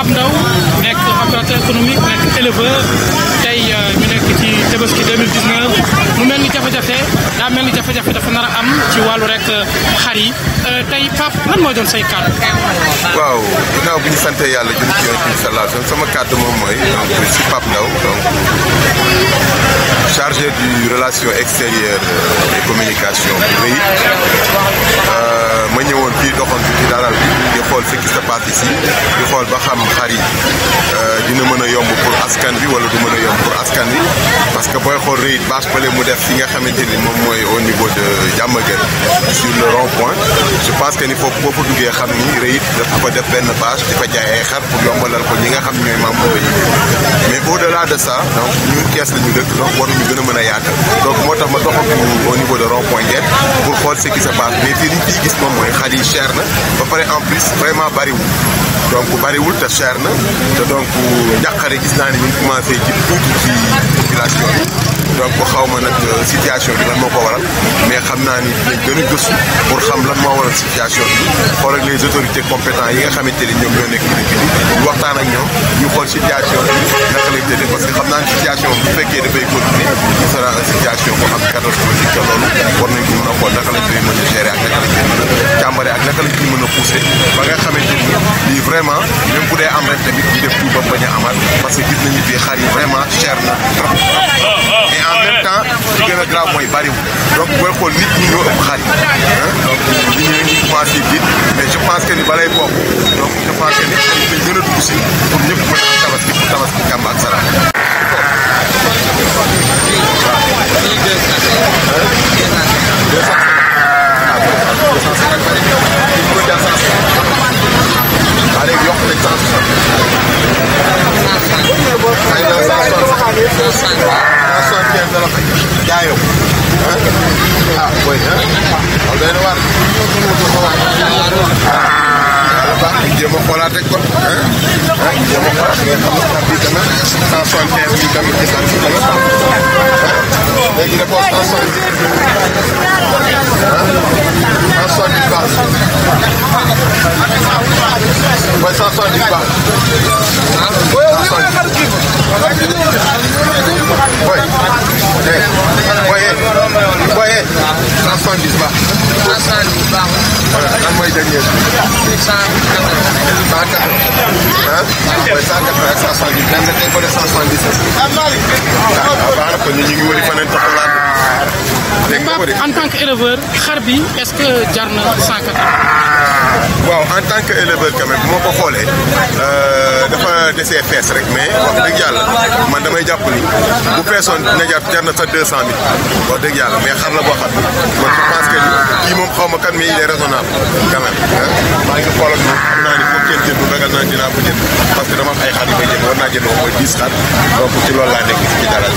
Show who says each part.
Speaker 1: Pape Ndaw nekk opérateur économique nekk éleveur tey euh, ñu nekk ci Tabaski 2019 mu mel ni jafe-jafe daa mel ni jafe-jafe dafa nar a am ci wàllu rek euh, xar yi euh, tey Pape lan moo doon say kàddu. waaw ginnaaw bi ñu sant yàlla jëm ci yoon bi salaatu sama kàddu moom mooy donc si Pape Ndaw donc chargé du relation extérieure et communication bu rëy ma ñëwoon fii doxantu. xool ce qui ba xam xar yi euh, dina mën a yomb pour askan bi wala du mën a yomb pour askan bi parce que booy xool rëyit bâche mu def fi nga xamante ni moom mooy au niveau de Diamaguène sur le rond point je pense que ni foofu boo fa duggee xam ni rëyit dafa fa def benn bâche di fa jaay xar pour yombalal ko ñi nga xam ñooy maam yi mais au delà de ça donc ñun Cees la ñu dëkk donc waruñu gën mën a yaatal moo tax ma doxagu au niveau de rond point Ndiène pour xool ce qui se passe mais fii liñ ciy gis moom mooy xar yi cher na ba pare en plus vraiment bariwul donc bariwul te cher na te donc njàqare gis naa ni ñu commencé ci tuuti ci population yi donc xaw ma nag euh, situation bi lan moo ko waral mais xam naa ni dinañ gën a gëstu pour xam lan moo waral situation bi xool ak les autorités compétentes yi nga xamante ni ñoom ñoo nekk ci dëkk bi waxtaan ak ñoom ñu xool situation bi naka lay tëddee parce que xam naa ni situation bu fekkee dafay gën a poussé ba nga xamante ni lii vraiment même bu dee am ren tamit ñu def tout ba bañ a amaat parce que gis nañu bii xar yi vraiment cher na trop et en temps li gën a grave mooy bariwul donc booy xool nit ñi ñoo ëpp xar yi ah. donc waaw day waar. Ah, baax na jéem a xoolaat rek kon. ah jéem a xoolaat ngay xam ne carte yi tamit cent soixante-quinze yi tamit après 180 170 même waaw na kon ñu nga bëri en tant que éleveur xar bi est-ce que jar na 180. waaw en tant que éleveur quand moo ko xoolee dafa desee fees rek mais wax dëgg yàlla man damay jàpp ni bu feesoon dina jar na sa 200000 wax dëgg yàlla mais xar la boo xam ni man je kii moom xaw ma kan mais il est raisonnable quand même maa ngi xool ak xam naa ni foofu kenn jënd ragal naa dinaa ko jënd. naa jëndoo mooy 10 xar donc ci loolu laa nekk ci dara